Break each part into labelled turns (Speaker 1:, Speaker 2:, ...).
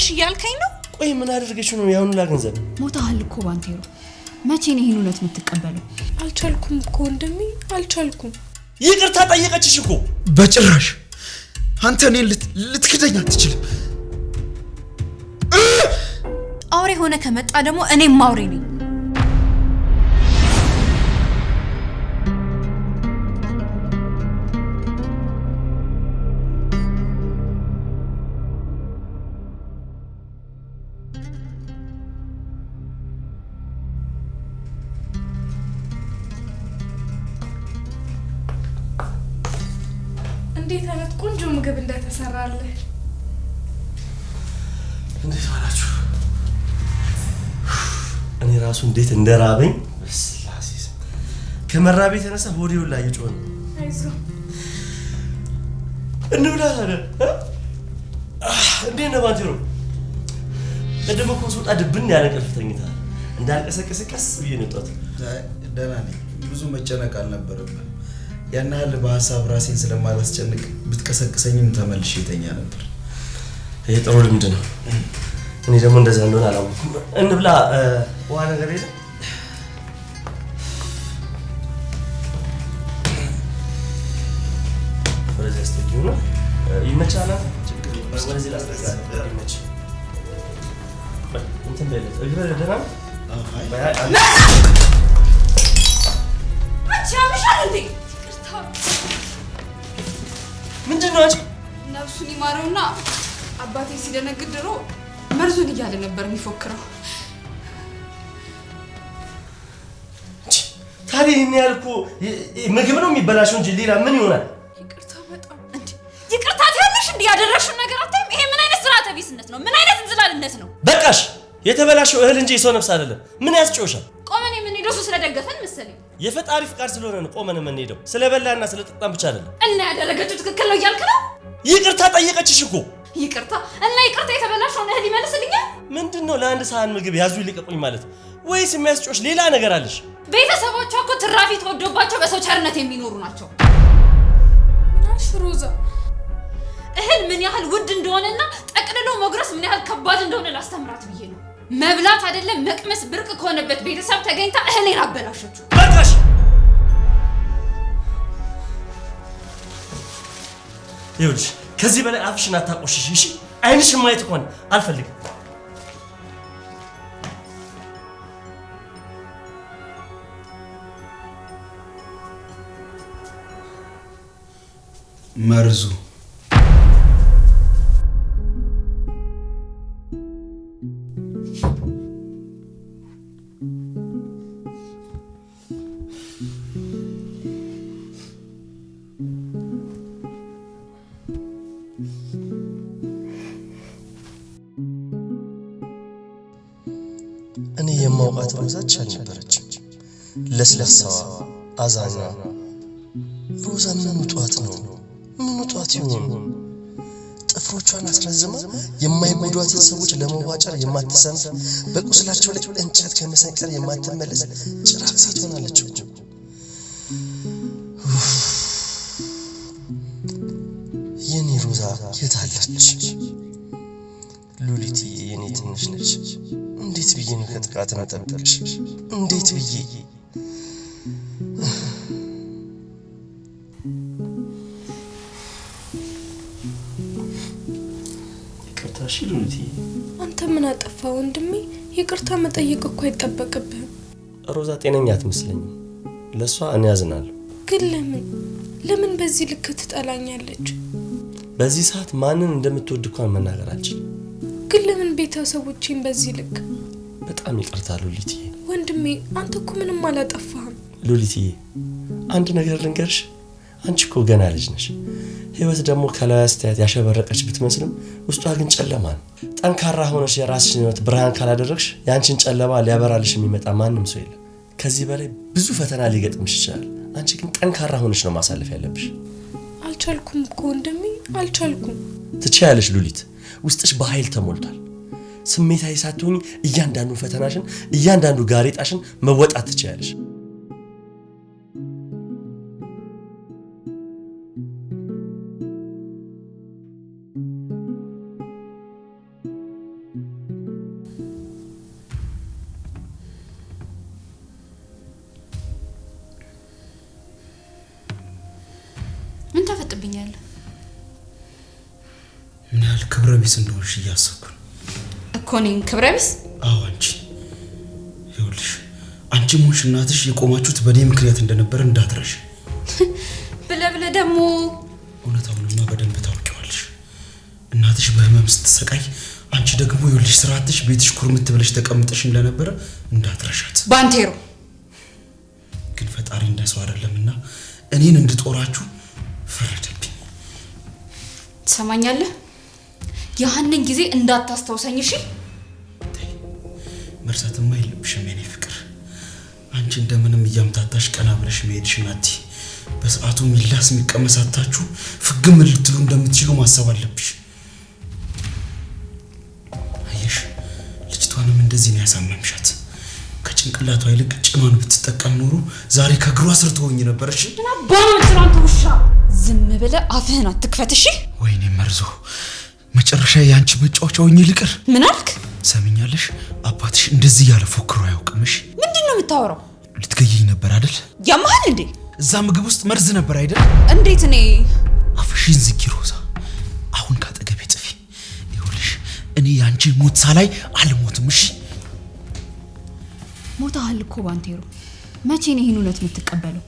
Speaker 1: እሺ እያልከኝ ነው?
Speaker 2: ቆይ ምን አደርገች ነው ያሁኑ ላገንዘብ?
Speaker 3: ሞታህል እኮ ባንቴሮ። መቼ ነው ይህን እውነት የምትቀበለው?
Speaker 1: አልቻልኩም እኮ ወንድሜ፣ አልቻልኩም።
Speaker 2: ይቅርታ ጠየቀችሽ እኮ።
Speaker 4: በጭራሽ አንተ እኔን ልትክደኝ አትችልም።
Speaker 1: አውሬ ሆነ ከመጣ ደግሞ እኔም አውሬ ነኝ።
Speaker 4: እንዴት ዋላችሁ? እኔ ራሱ እንዴት እንደራበኝ ከመራቤ የተነሳ ሆዴ ሁላ እየጮኸ ነው። እንብላ ታዲያ። እንዴት ነህ ባንቴሮ? ቅድም እኮ ስወጣ ድብን ያለ እንቅልፍ ተኝተሃል። እንዳልቀሰቀስ ቀስ ብዬ
Speaker 5: ደህና ነኝ። ብዙ መጨነቅ አልነበረብህም። ያን ያህል በሀሳብ ራሴን ስለማላስጨንቅ ብትቀሰቅሰኝም ተመልሼ ነበር።
Speaker 4: ይሄ ጥሩ ልምድ ነው። እኔ ደግሞ እንደዛ እንደሆነ አላወኩም። እንብላ ውሃ ነገር የለም። ወደዚህ አስተጊው ነው ይመቻል። ምንድን ነው
Speaker 1: ነፍሱን ይማረውና አባቴ ሲደነግድ ድሮ መርዙን እያለ ነበር የሚፎክረው።
Speaker 4: ታዲያ ይህን ያህል እኮ ምግብ ነው የሚበላሸው እንጂ ሌላ ምን ይሆናል?
Speaker 1: ይቅርታ በጣም እንዲ ይቅርታ ትያለሽ። እንዲ ያደረግሽው ነገር አታይም? ይሄ ምን አይነት ስርዓተ ቢስነት ነው? ምን አይነት እንዝላልነት ነው?
Speaker 4: በቃሽ። የተበላሸው እህል እንጂ የሰው ነፍስ አይደለም። ምን ያስጨውሻል?
Speaker 1: ቆመን የምንሄደው እሱ ስለደገፈን መሰለኝ።
Speaker 4: የፈጣሪ ፍቃድ ስለሆነ ነው ቆመን የምንሄደው። ስለበላና ስለጠጣን ብቻ አይደለም።
Speaker 1: እና ያደረገችው ትክክል ነው እያልክ ነው?
Speaker 4: ይቅርታ ጠየቀችሽ እኮ
Speaker 1: ይቅርታ እና ይቅርታ የተበላሸውን እህል ይመልስልኛል።
Speaker 4: ምንድን ነው ለአንድ ሰሃን ምግብ ያዙ ይልቀቁኝ ማለት ወይስ የሚያስጮሽ ሌላ ነገር አለሽ?
Speaker 1: ቤተሰቦቿ እኮ ትራፊ ተወዶባቸው በሰው ቸርነት የሚኖሩ ናቸው። ምናሽ ሮዛ፣ እህል ምን ያህል ውድ እንደሆነና ጠቅልሎ መጉረስ ምን ያህል ከባድ እንደሆነ ላስተምራት ብዬ ነው። መብላት አይደለም መቅመስ ብርቅ ከሆነበት ቤተሰብ ተገኝታ እህል አበላሸችው።
Speaker 4: በቃሽ። ይኸውልሽ ከዚህ በላይ አፍሽን አታቆሽሽ። እሺ፣ አይንሽን ማየት እንኳን አልፈልግም። መርዙ ለስለሳ አዛኛ ሮዛ ምኑ ጧት ነው? ምኑ ጧት ይሆን? ጥፍሮቿን አስረዝማ የማይጎዷትን ሰዎች ለመዋጨር የማትሰንፍ በቁስላቸው ላይ እንጨት ከመሰንቀር የማትመለስ ጭራቅ ትሆናለች ሆናለች። የኔ ሮዛ የታለች? ሉሊት የኔ ትንሽ ነች። እንዴት ብዬ ነው ከጥቃት መጠበቅሽ? እንዴት ብዬ ይቅርታሽ። ሉሊት
Speaker 1: አንተ ምን አጠፋ ወንድሜ? ይቅርታ መጠየቅ እኮ አይጠበቅብህም።
Speaker 4: ሮዛ ጤነኛ አትመስለኝም። ለእሷ እኔ ያዝናለሁ።
Speaker 1: ግን ለምን ለምን በዚህ ልክ ትጠላኛለች?
Speaker 4: በዚህ ሰዓት ማንን እንደምትወድ እንኳን መናገር አልችልም።
Speaker 1: ቤተሰቦቼን በዚህ ልክ
Speaker 4: በጣም ይቅርታ ሉሊትዬ።
Speaker 1: ወንድሜ አንተ እኮ ምንም አላጠፋህም።
Speaker 4: ሉሊትዬ አንድ ነገር ልንገርሽ፣ አንቺ እኮ ገና ልጅ ነሽ። ህይወት ደግሞ ከላይ አስተያየት ያሸበረቀች ብትመስልም ውስጧ ግን ጨለማ ነው። ጠንካራ ሆነች የራስሽን ህይወት ብርሃን ካላደረግሽ የአንቺን ጨለማ ሊያበራልሽ የሚመጣ ማንም ሰው የለም። ከዚህ በላይ ብዙ ፈተና ሊገጥምሽ ይችላል። አንቺ ግን ጠንካራ ሆነች ነው ማሳለፍ ያለብሽ።
Speaker 1: አልቻልኩም እኮ ወንድሜ፣ አልቻልኩም።
Speaker 4: ያለሽ ሉሊት፣ ውስጥሽ በኃይል ተሞልቷል። ስሜታዊ ሳትሆኝ እያንዳንዱ ፈተናሽን እያንዳንዱ ጋሬጣሽን መወጣት ትችላለሽ።
Speaker 1: ምን ታፈጥብኛለህ?
Speaker 4: ምን ያህል ክብረ ቢስ እንደሆንሽ እያሰብኩ ኮኒን እኔን ክብረ አዎ አንቺ ይኸውልሽ፣ አንቺ ሙሽ እናትሽ የቆማችሁት በእኔ ምክንያት እንደነበረ እንዳትረሽ።
Speaker 1: ብለብለ ብለህ ደግሞ
Speaker 4: እውነታውንማ በደንብ ታውቂዋለሽ። እናትሽ በህመም ስትሰቃይ፣ አንቺ ደግሞ ይኸውልሽ ስርዓትሽ ቤትሽ ኩርምት ብለሽ ተቀምጠሽ እንደነበረ እንዳትረሻት። ባንቴሮ ግን ፈጣሪ እንደሰው አይደለምና እኔን እንድጦራችሁ ፈረደብኝ።
Speaker 1: ትሰማኛለህ? ያህንን ጊዜ እንዳታስታውሰኝ እሺ።
Speaker 4: መርሳትማ የለብሽም የኔ ፍቅር። አንቺ እንደምንም እያምታታሽ ቀና ብለሽ መሄድሽ ናቲ። በሰዓቱ ሚላስ የሚቀመሳታችሁ ፍግም ልትሉ እንደምትችሉ ማሰብ አለብሽ። አየሽ፣ ልጅቷንም እንደዚህ ነው ያሳመምሻት። ከጭንቅላቷ ይልቅ ጭኗን ብትጠቀም ኖሮ ዛሬ ከእግሯ ስር ትሆኝ ነበረሽ።
Speaker 1: ውሻ ዝም ብለህ አፍህን አትክፈት እሺ።
Speaker 4: ወይኔ መርዞ መጨረሻ የአንቺ መጫወቻ ሆኜ ልቅር። ምን አልክ? ሰሚኛለሽ፣ አባትሽ እንደዚህ ያለ ፎክሮ አያውቅምሽ።
Speaker 1: ምንድን ነው የምታወራው?
Speaker 4: ልትገይኝ ነበር አይደል? ያመሃል እንዴ? እዛ ምግብ ውስጥ መርዝ ነበር አይደል? እንዴት እኔ አፍሽን ዝጊ ሮዛ፣ አሁን ካጠገቤ ጥፊ። ይኸውልሽ እኔ ያንቺ ሞት ሳላይ አልሞትም። እሺ
Speaker 3: ሞታሃል እኮ ባንቴሮ። መቼ ነው ይህን እውነት የምትቀበለው?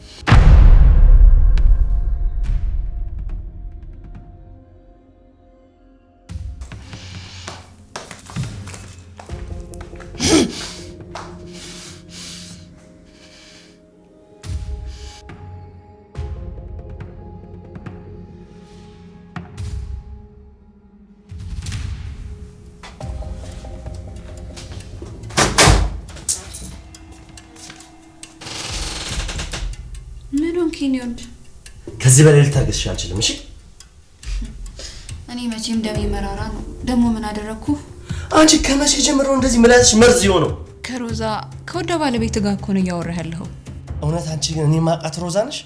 Speaker 4: ከዚህ በላይ ልታገስሽ አልችልም። እሺ
Speaker 1: እኔ መቼም ደሜ መራራ ነው። ደግሞ ምን አደረግኩ?
Speaker 4: አንቺ ከመቼ ጀምሮ እንደዚህ ምላስሽ መርዝ የሆነው?
Speaker 1: ከሮዛ ከወደ ባለቤት ጋር እኮ ነው እያወራህ ያለኸው።
Speaker 4: እውነት አንቺ ግን እኔ ማቃት ሮዛ ነሽ?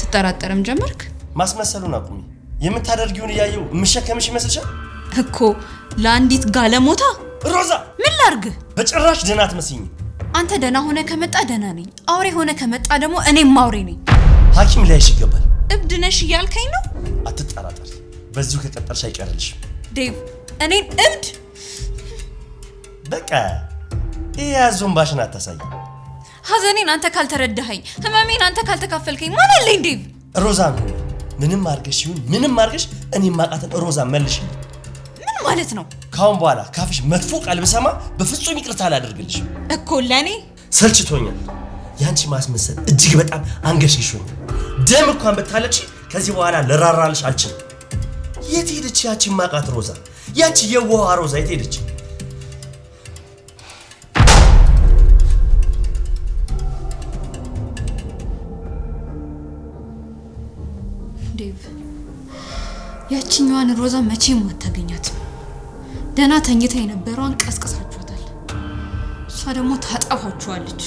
Speaker 1: ትጠራጠርም ጀመርክ?
Speaker 4: ማስመሰሉን አቁሚ። የምታደርጊውን እያየው የምሸከምሽ ይመስልሻል
Speaker 1: እኮ ለአንዲት ጋለሞታ። ሮዛ ምን ላርግ?
Speaker 4: በጭራሽ ደህና አትመስይኝ።
Speaker 1: አንተ ደህና ሆነ ከመጣ ደህና ነኝ፣ አውሬ ሆነ ከመጣ ደግሞ እኔም አውሬ ነኝ።
Speaker 4: ሐኪም ሊያይሽ ይገባል።
Speaker 1: እብድ ነሽ እያልከኝ ነው?
Speaker 4: አትጠራጠሪ፣ በዚሁ ከቀጠልሽ አይቀርልሽ።
Speaker 1: ዴቭ እኔን እብድ?
Speaker 4: በቃ ይህ ያዞን ባሽን አታሳይ።
Speaker 1: ሐዘኔን አንተ ካልተረዳኸኝ፣ ህመሜን አንተ ካልተካፈልከኝ ማን አለኝ? ዴቭ
Speaker 4: ሮዛን ምንም አድርገሽ ይሁን ምንም አድርገሽ እኔ ማቃተን ሮዛን መልሽ።
Speaker 1: ምን ማለት ነው?
Speaker 4: ካሁን በኋላ ካፍሽ መጥፎ ቃል ብሰማ በፍጹም ይቅርታ አላደርግልሽ እኮ ለእኔ ሰልችቶኛል። ያንቺ ማስመሰል እጅግ በጣም አንገሽሽኝ። ደም እንኳን ብታለች ከዚህ በኋላ ልራራልሽ አልችልም። የት ሄደች ያቺ ማቃት ሮዛ? ያቺ የውሃ ሮዛ የት ሄደች?
Speaker 1: ያቺኛዋን ሮዛ መቼም አታገኛትም። ደህና ተኝታ የነበረዋን ቀስቅሳችኋታል። እሷ ደግሞ ታጠፋችኋለች።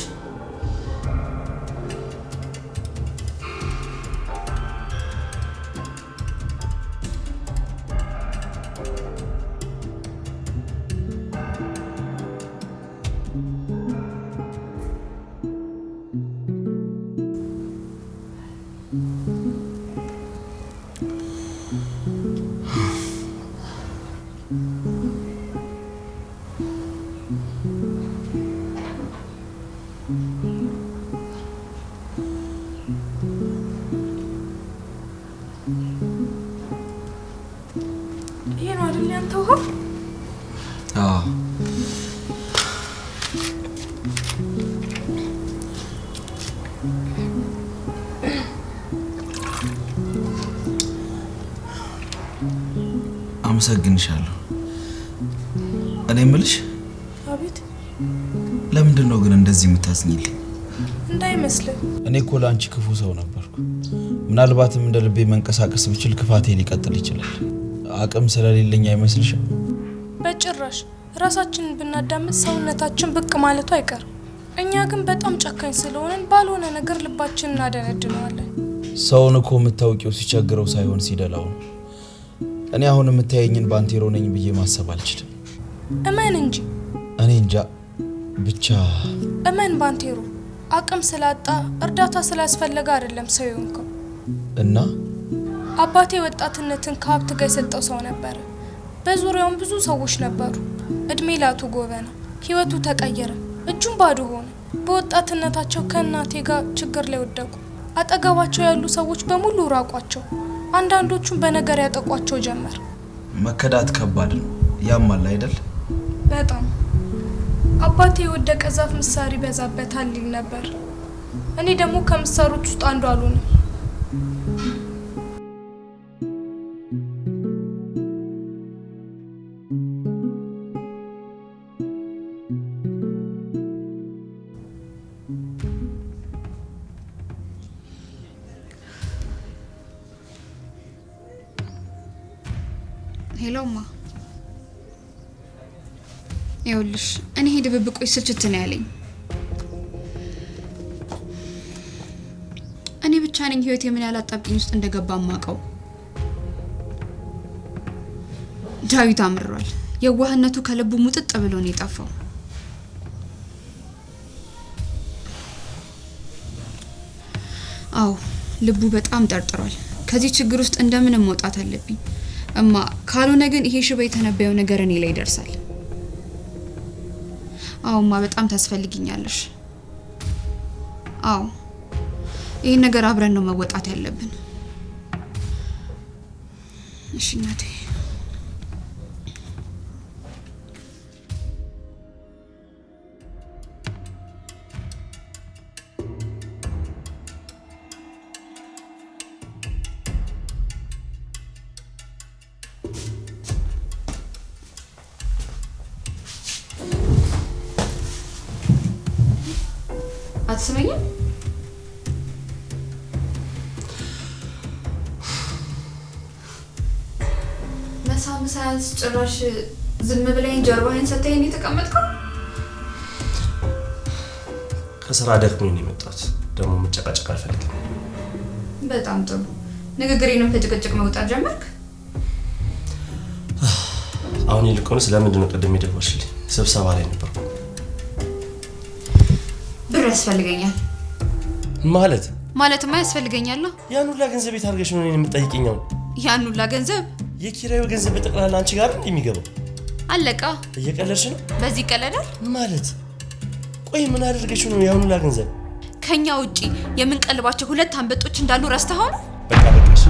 Speaker 4: አመሰግንሻለሁ። እኔ እምልሽ አቤት። ለምንድን ነው ግን እንደዚህ የምታዝኝልኝ?
Speaker 1: እንዳይመስልህ
Speaker 4: እኔ እኮ ለአንቺ ክፉ ሰው ነበርኩ። ምናልባትም እንደ ልቤ መንቀሳቀስ ብችል ክፋቴ ሊቀጥል ይችላል። አቅም ስለሌለኝ አይመስልሽም?
Speaker 1: በጭራሽ። ራሳችንን ብናዳምጥ ሰውነታችን ብቅ ማለቱ አይቀርም። እኛ ግን በጣም ጨካኝ ስለሆንን ባልሆነ ነገር ልባችን እናደነድነዋለን።
Speaker 4: ሰውን እኮ የምታውቂው ሲቸግረው ሳይሆን ሲደላው ነው። እኔ አሁን የምታየኝን ባንቴሮ ነኝ ብዬ ማሰብ አልችልም። እመን እንጂ እኔ እንጃ ብቻ
Speaker 1: እመን ባንቴሮ፣ አቅም ስላጣ እርዳታ ስላስፈለገ አይደለም ሰው የሆንከው። እና አባቴ ወጣትነትን ከሀብት ጋር የሰጠው ሰው ነበረ። በዙሪያውም ብዙ ሰዎች ነበሩ። እድሜ ላቱ ጎበና፣ ህይወቱ ተቀየረ፣ እጁም ባዶ ሆነ። በወጣትነታቸው ከእናቴ ጋር ችግር ላይ ወደቁ። አጠገባቸው ያሉ ሰዎች በሙሉ ራቋቸው። አንዳንዶቹም በነገር ያጠቋቸው ጀመር።
Speaker 4: መከዳት ከባድ ነው። ያማል አይደል?
Speaker 1: በጣም አባቴ የወደቀ ዛፍ ምሳሪ በዛበታል ይል ነበር። እኔ ደግሞ ከምሳሮች ውስጥ አንዱ አልሆንም። ይኸውልሽ እኔ ይሄ ድብብቆች ስልችት ነው ያለኝ። እኔ ብቻ ነኝ ህይወት የምን ያህል አጣብቂኝ ውስጥ እንደገባ ማቀው። ዳዊት አምሯል። የዋህነቱ ከልቡ ሙጥጥ ብሎ ነው የጠፋው። አዎ ልቡ በጣም ጠርጥሯል። ከዚህ ችግር ውስጥ እንደምንም መውጣት አለብኝ እማ፣ ካልሆነ ግን ይሄ ሽባ የተነበየው ነገር እኔ ላይ ይደርሳል። አዎማ፣ በጣም ታስፈልጊኛለሽ። አዎ፣ ይህን ነገር አብረን ነው መወጣት ያለብን። እሺ እናቴ። መሳም ሳያንስ ጭራሽ ዝም ብለኝ ጀርባህን ሰተህን የተቀመጥከው።
Speaker 4: ከስራ ደክሞኝ ነው የመጣሁት። ደግሞ መጨቃጨቅ አልፈልግም።
Speaker 1: በጣም ጥሩ። ንግግሬንም ከጭቅጭቅ መውጣት ጀመርክ።
Speaker 4: አሁን ይልቁንስ ለምንድን ነው ቅድም የደወልሽልኝ? ስብሰባ ላይ ነበርኩ።
Speaker 1: ብር ያስፈልገኛል። ማለት ማለትማ ያስፈልገኛል።
Speaker 4: ያን ሁላ ገንዘብ የት አድርገሽ ነው የምትጠይቂኝ?
Speaker 1: ያን ሁላ ገንዘብ
Speaker 4: የኪራዩ ገንዘብ በጠቅላላ አንቺ ጋር የሚገባው አለቃ። እየቀለድሽ ነው?
Speaker 1: በዚህ ይቀለዳል
Speaker 4: ማለት? ቆይ ምን አደርገሽ ነው ያሁኑ ላገንዘብ?
Speaker 1: ከኛ ውጪ የምንቀልባቸው ሁለት አንበጦች እንዳሉ ረስተኸው ነው?
Speaker 4: በቃ በቃሽ።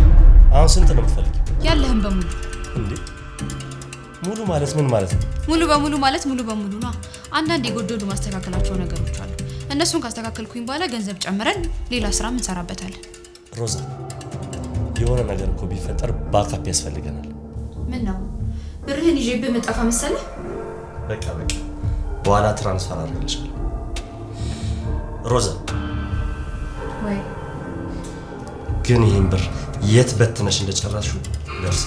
Speaker 4: አሁን ስንት ነው የምትፈልጊው?
Speaker 1: ያለህን በሙሉ።
Speaker 4: እንዴ ሙሉ ማለት ምን ማለት ነው?
Speaker 1: ሙሉ በሙሉ ማለት ሙሉ በሙሉ ና አንዳንድ የጎደሉ ማስተካከላቸው ነገሮች አሉ። እነሱን ካስተካከልኩኝ በኋላ ገንዘብ ጨምረን ሌላ ስራ እንሰራበታለን።
Speaker 4: ሮዛ የሆነ ነገር እኮ ቢፈጠር ባካፕ ያስፈልገናል።
Speaker 1: ምን ነው ብርህን ይዤ በመጣፋ መሰለ?
Speaker 4: በቃ በቃ በኋላ ትራንስፈር አድርግልሻለሁ። ሮዛ ወይ ግን ይህን ብር የት በትነሽ እንደጨረሹ ደርስ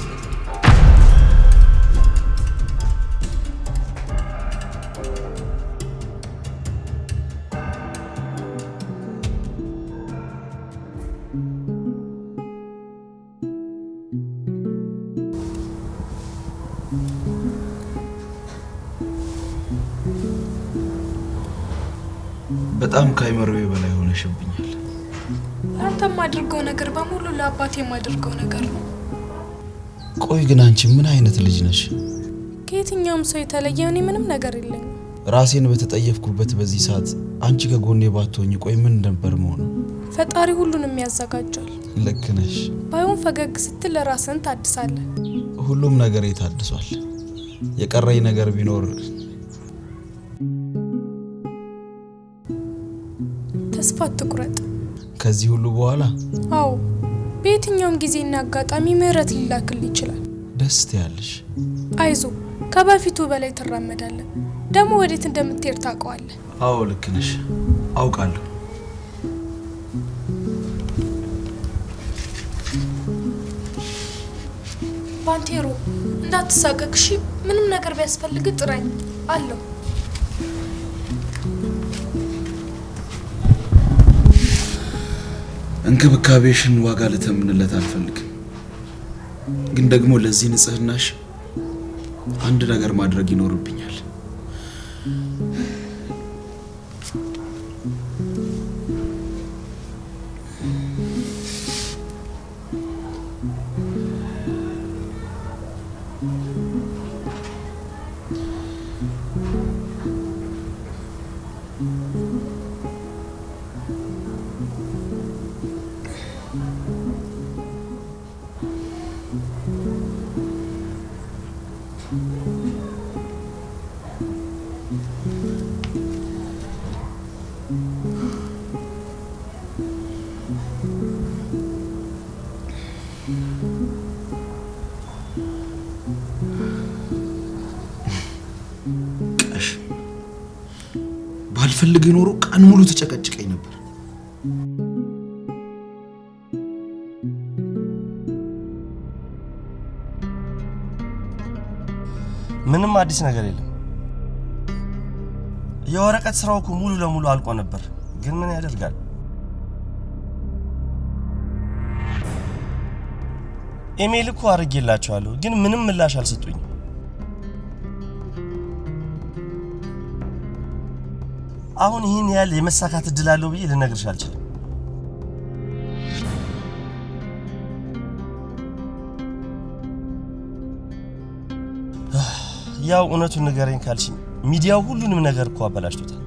Speaker 4: በጣም ከአይምሮዬ በላይ ሆነሽብኛል።
Speaker 1: አንተ የማድርገው ነገር በሙሉ ለአባት የማደርገው ነገር ነው።
Speaker 4: ቆይ ግን አንቺ ምን አይነት ልጅ ነሽ?
Speaker 1: ከየትኛውም ሰው የተለየ እኔ ምንም ነገር የለኝ።
Speaker 4: ራሴን በተጠየፍኩበት በዚህ ሰዓት አንቺ ከጎኔ ባትሆኝ ቆይ ምን ነበር መሆኑ?
Speaker 1: ፈጣሪ ሁሉንም ያዘጋጃል። ልክ ነሽ። ባይሆን ፈገግ ስትል ራስን ታድሳለህ።
Speaker 4: ሁሉም ነገር ታድሷል። የቀረኝ ነገር ቢኖር
Speaker 1: ተስፋ አትቁረጥ።
Speaker 4: ከዚህ ሁሉ በኋላ
Speaker 1: አዎ፣ በየትኛውም ጊዜና አጋጣሚ ምህረት ሊላክል ይችላል።
Speaker 4: ደስ ትያለሽ።
Speaker 1: አይዞ፣ ከበፊቱ በላይ ትራመዳለህ ደግሞ ወዴት እንደምትሄድ ታውቀዋለህ።
Speaker 4: አዎ፣ ልክ ነሽ፣ አውቃለሁ።
Speaker 1: ባንቴሮ፣ እንዳትሳቀቅሺ። ምንም ነገር ቢያስፈልግ ጥራኝ አለው?
Speaker 4: እንክብካቤሽን ዋጋ ልተምንለት አልፈልግም፣ ግን ደግሞ ለዚህ ንጽህናሽ አንድ ነገር ማድረግ ይኖርብኛል። ብትፈልግ ኖሮ ቀን ሙሉ ተጨቀጭቀኝ ነበር። ምንም አዲስ ነገር የለም። የወረቀት ስራው እኮ ሙሉ ለሙሉ አልቆ ነበር፣ ግን ምን ያደርጋል። ኢሜይል እኮ አድርጌላቸዋለሁ፣ ግን ምንም ምላሽ አልሰጡኝም። አሁን ይህን ያህል የመሳካት እድል አለው ብዬ ልነግርሽ አልችልም። ያው እውነቱን ንገረኝ ካልሽኝ ሚዲያው ሁሉንም ነገር እኮ አበላሽቶታል።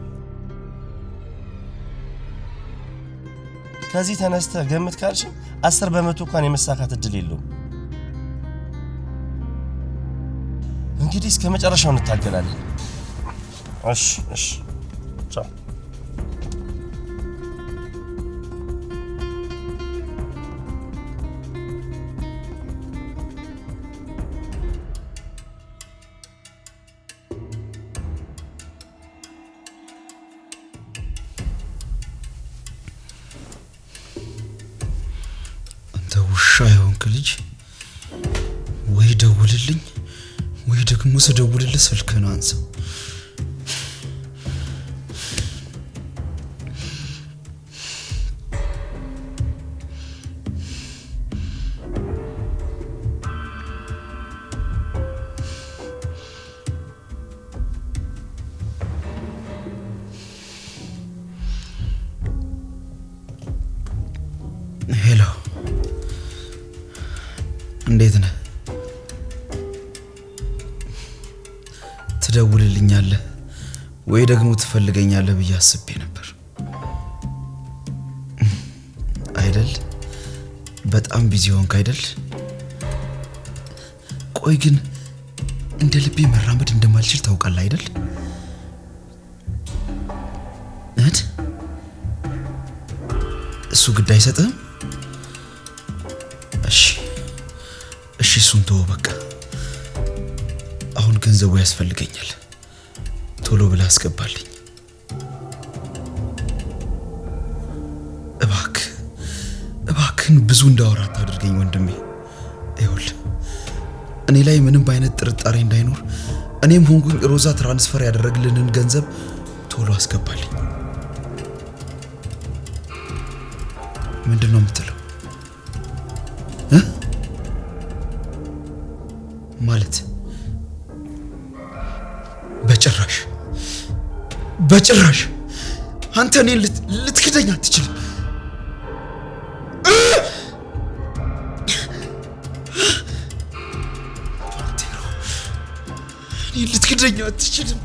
Speaker 4: ከዚህ ተነስተ ገምት ካልሽኝ አስር በመቶ እንኳን የመሳካት እድል የለውም። እንግዲህ እስከ መጨረሻው እንታገላለን። እሺ እሺ ወይ ደግሞ ትፈልገኛለህ ብዬ አስቤ ነበር አይደል? በጣም ቢዚ ሆንክ አይደል? ቆይ ግን እንደ ልቤ መራመድ እንደማልችል ታውቃለህ አይደል? እህት እሱ ግድ አይሰጥህም? እሺ እሺ፣ እሱን ተወው በቃ። አሁን ገንዘቡ ያስፈልገኛል። ቶሎ ብላ አስገባልኝ። እባክ እባክን ብዙ እንዳወራ አታድርገኝ ወንድሜ። ይሁል እኔ ላይ ምንም አይነት ጥርጣሬ እንዳይኖር እኔም ሆንኩኝ ሮዛ ትራንስፈር ያደረግልንን ገንዘብ ቶሎ አስገባልኝ። ምንድን ነው የምትለው? ማለት በጭራሽ አንተ እኔን ልትክደኝ አትችልም። ልትክደኝ አትችልም።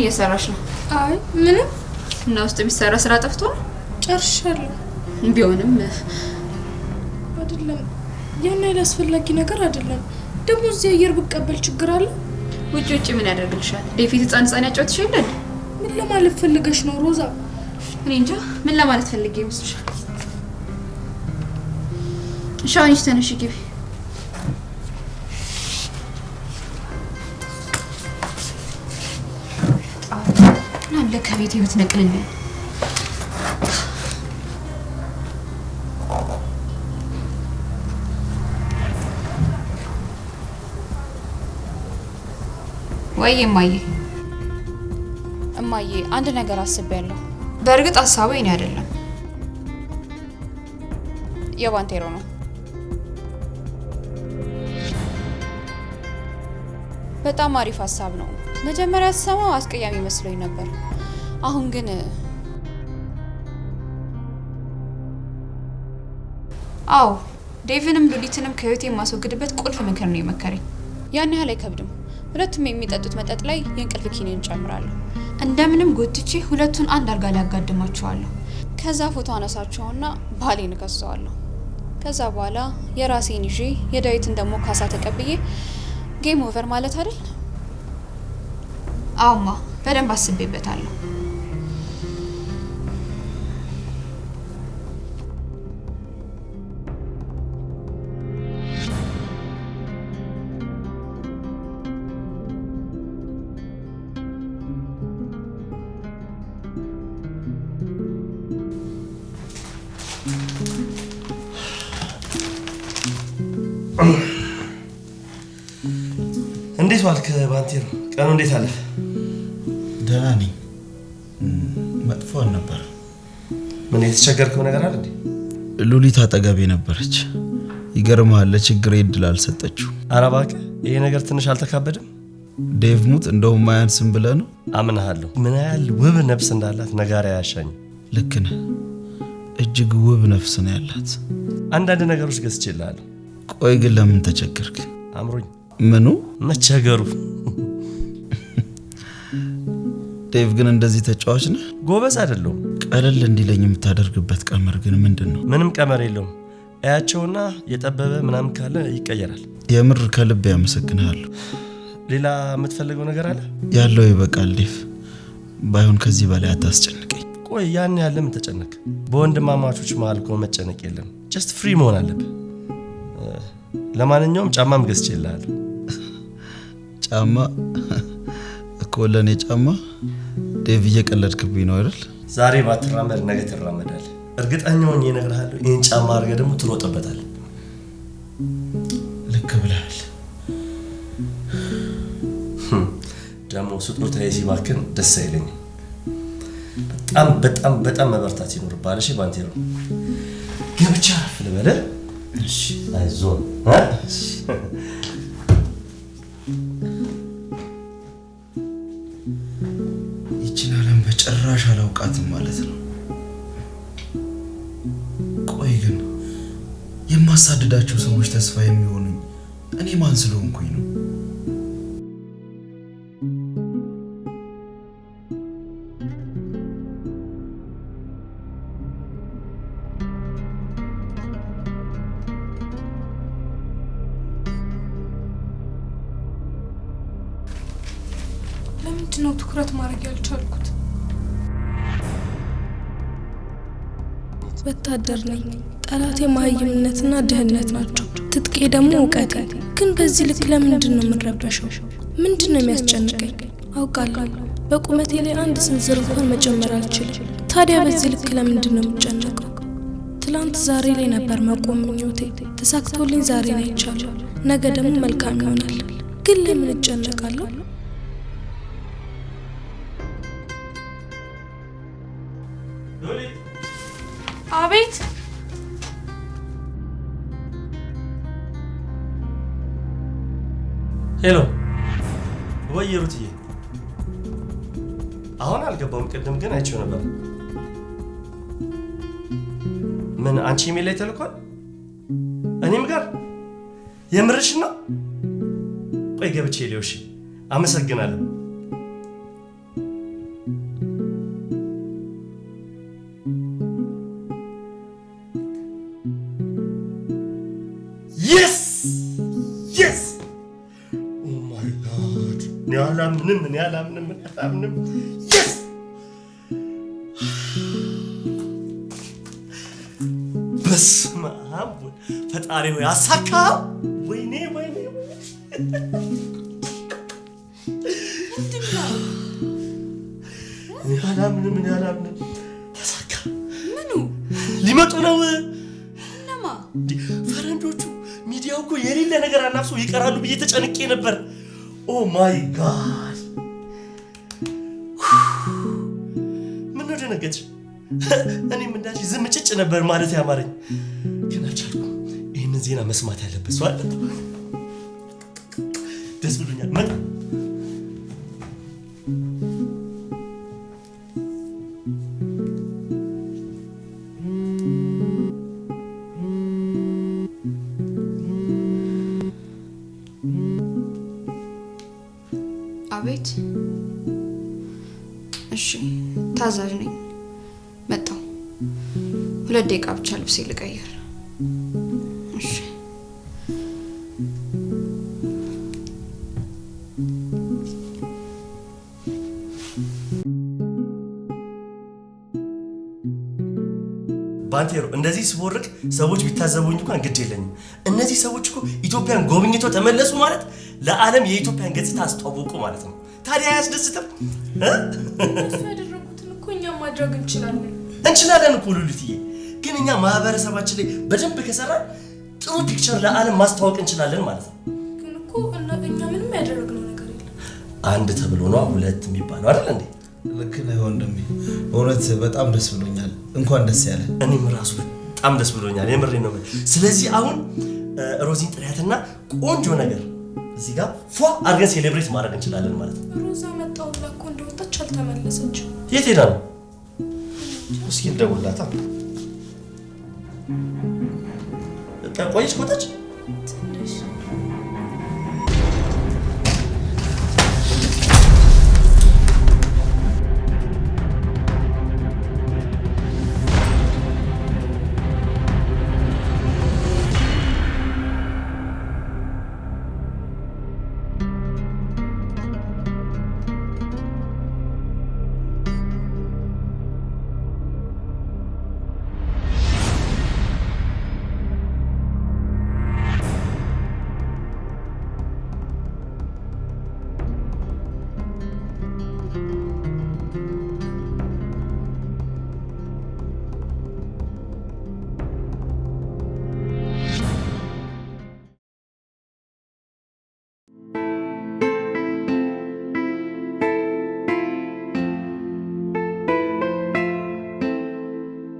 Speaker 1: ምን እየሰራሽ ነው? አይ ምንም። እና ውስጥ የሚሰራ ስራ ጠፍቶ ነው? ጨርሻለሁ። ቢሆንም አይደለም ያን ያህል አስፈላጊ ነገር አይደለም። ደግሞ እዚህ አየር ብቀበል ችግር አለ? ውጭ ውጭ ምን ያደርግልሻል? ዴፊት ህፃን ህፃን ያጫወትሽ የለን? ምን ለማለት ፈልገሽ ነው ሮዛ? እኔ እንጃ ምን ለማለት ፈልጌ ይመስልሻል? ሻውንሽ ተነሽ ግቢ ከቤት ህይወት ነቅልን ወይ እማዬ፣ እማዬ አንድ ነገር አስቤያለሁ። በእርግጥ ሀሳቡ እኔ አይደለም የባንቴሮ ነው። በጣም አሪፍ ሀሳብ ነው። መጀመሪያ ስሰማው አስቀያሚ መስሎኝ ነበር። አሁን ግን አዎ ዴቭንም ሉሊትንም ከህይወቴ የማስወግድበት ቁልፍ ምክር ነው የመከረኝ። ያን ያህል አይከብድም። ሁለቱም የሚጠጡት መጠጥ ላይ የእንቅልፍ ኪኒን ጨምራለሁ። እንደምንም ጎትቼ ሁለቱን አንድ አልጋ ላይ አጋድማቸዋለሁ። ከዛ ፎቶ አነሳቸውና ባሌን እከሰዋለሁ። ከዛ በኋላ የራሴን ይዤ የዳዊትን ደግሞ ካሳ ተቀብዬ ጌም ኦቨር ማለት አይደል? አውማ በደንብ አስቤበታለሁ።
Speaker 4: ቀኑ እንዴት አለ? ደህና ነኝ። መጥፎ ምን የተቸገርከው ነገር አለ እንዴ? ሉሊት አጠገቤ ነበረች። ይገርምሃል፣ ለችግሬ እድል አልሰጠችው። ኧረ እባክህ ይሄ ነገር ትንሽ አልተካበድም? ዴቭ ሙት እንደውም አያንስም ብለህ ነው? አምናሃለሁ። ምን ያህል ውብ ነፍስ እንዳላት ነጋሪ አያሻኝም። ልክ ነህ። እጅግ ውብ ነፍስ ነው ያላት። አንዳንድ ነገሮች ገዝቼልሃለሁ። ቆይ ግን ለምን ተቸገርክ? አምሮኝ። ምኑ መቸገሩ ዴቭ ግን እንደዚህ ተጫዋች ነህ? ጎበዝ አይደለሁም። ቀለል እንዲለኝ የምታደርግበት ቀመር ግን ምንድን ነው? ምንም ቀመር የለውም። እያቸውና የጠበበ ምናምን ካለ ይቀየራል። የምር ከልብ ያመሰግንሃለሁ። ሌላ የምትፈልገው ነገር አለ? ያለው ይበቃል ዴቭ። ባይሆን ከዚህ በላይ አታስጨንቀኝ። ቆይ ያን ያለ ምን ተጨነቅ? በወንድማማቾች መሀል እኮ መጨነቅ የለም። ጀስት ፍሪ መሆን አለብህ። ለማንኛውም ጫማም ገዝቼልሃለሁ። ጫማ እኮ ለእኔ ጫማ ዴቭ እየቀለድክብኝ ነው አይደል? ዛሬ ባትራመድ ነገ ትራመዳል። እርግጠኛውን እነግርሃለሁ። ይህን ጫማ አድርገህ ደግሞ ትሮጥበታል። ልክ ብለሃል። hm፣ ደግሞ ስጦታ ሲባክን ደስ አይለኝም። በጣም በጣም በጣም መበርታት ይኖርብሃል። እሺ ባንቴሮ ገብቻ እሺ አይዞህ አላውቃትም ማለት ነው። ቆይ ግን የማሳድዳቸው ሰዎች ተስፋ የሚሆኑኝ እኔ ማን ስለሆንኩኝ ነው?
Speaker 1: ለምንድን ነው ትኩረት ማድረግ ያልቻልኩት? ወታደር ነኝ። ጠላቴ መሀይምነትና ድህነት ናቸው። ትጥቄ ደግሞ እውቀቴ። ግን በዚህ ልክ ለምንድን ነው የምንረበሸው? ምንድን ነው የሚያስጨንቀኝ? አውቃለሁ በቁመቴ ላይ አንድ ስንዝር እንኳን መጨመር አልችልም። ታዲያ በዚህ ልክ ለምንድን ነው የምጨነቀው? ትላንት ዛሬ ላይ ነበር መቆም ምኞቴ። ተሳክቶልኝ ዛሬ ነው ይቻሉ። ነገ ደግሞ መልካም ይሆናል። ግን ለምን እጨነቃለሁ?
Speaker 4: ሄሎ ወይ ሩትዬ፣ አሁን አልገባውም። ቅድም ግን አይቼው ነበር። ምን አንቺ ኢሜል ላይ ተልኳል? እኔም ጋር የምርሽ ነው? ቆይ ገብቼ ሊሆሽ። አመሰግናለሁ። አላምንም አላምንም። በስመ አብ ፈጣሪ ሆይ አሳካ። ወይኔ ወይኔ አላምንም አላምንም። ተሳካ። ምኑ ሊመጡ ነው? እነማ ፈረንጆቹ? ሚዲያው እኮ የሌለ ነገር አናፍሶ ይቀራሉ ብዬ ተጨንቄ ነበር። ኦ ማይ ጋድ አስደነገጥሽ። እኔም እንዳንቺ ዝም ጭጭ ነበር ማለት ያማረኝ ግን አልቻልኩም። ይህንን ዜና መስማት ያለበት ሰው አለ። ደስ ብሎኛል። ባንቴሮ እንደዚህ ስቦርቅ ሰዎች ቢታዘቡኝ እንኳን ግድ የለኝም። እነዚህ ሰዎች እኮ ኢትዮጵያን ጎብኝተው ተመለሱ ማለት ለዓለም የኢትዮጵያን ገጽታ አስተዋወቁ ማለት ነው። ታዲያ አያስደስትም?
Speaker 1: ያደረጉትን እኮ እኛ ማድረግ እንችላለን
Speaker 4: እንችላለን እኮ ሉልትዬ። ግን እኛ ማህበረሰባችን ላይ በደንብ ከሰራ ጥሩ ፒክቸር ለዓለም ማስተዋወቅ እንችላለን ማለት ነው።
Speaker 1: ግን እኮ እኛ ምንም ያደረግነው ነገር የለም።
Speaker 4: አንድ ተብሎ ነዋ ሁለት የሚባለው አይደል እንዴ? ልክ ነህ ወንድሜ። እውነት በጣም ደስ ብሎኛል። እንኳን ደስ ያለ። እኔም ራሱ በጣም ደስ ብሎኛል። የምሬ ነው። ስለዚህ አሁን ሮዚን ጥሪያትና ቆንጆ ነገር እዚህ ጋር ፏ አድርገን ሴሌብሬት ማድረግ እንችላለን ማለት
Speaker 1: ነው። ሮዛ መጣሁላ እኮ እንደወጣች አልተመለሰችም።
Speaker 4: የት ሄዳ ነው? እስኪ እንደውላታ ቆይች ቆጠች